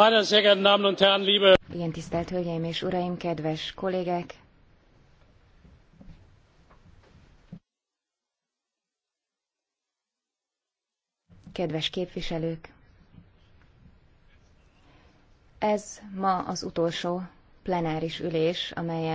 Meine sehr geehrten Damen und Herren, liebe Igen, tisztelt Hölgyeim és Uraim, kedves kollégek! Kedves képviselők! Ez ma az utolsó plenáris ülés, amelyen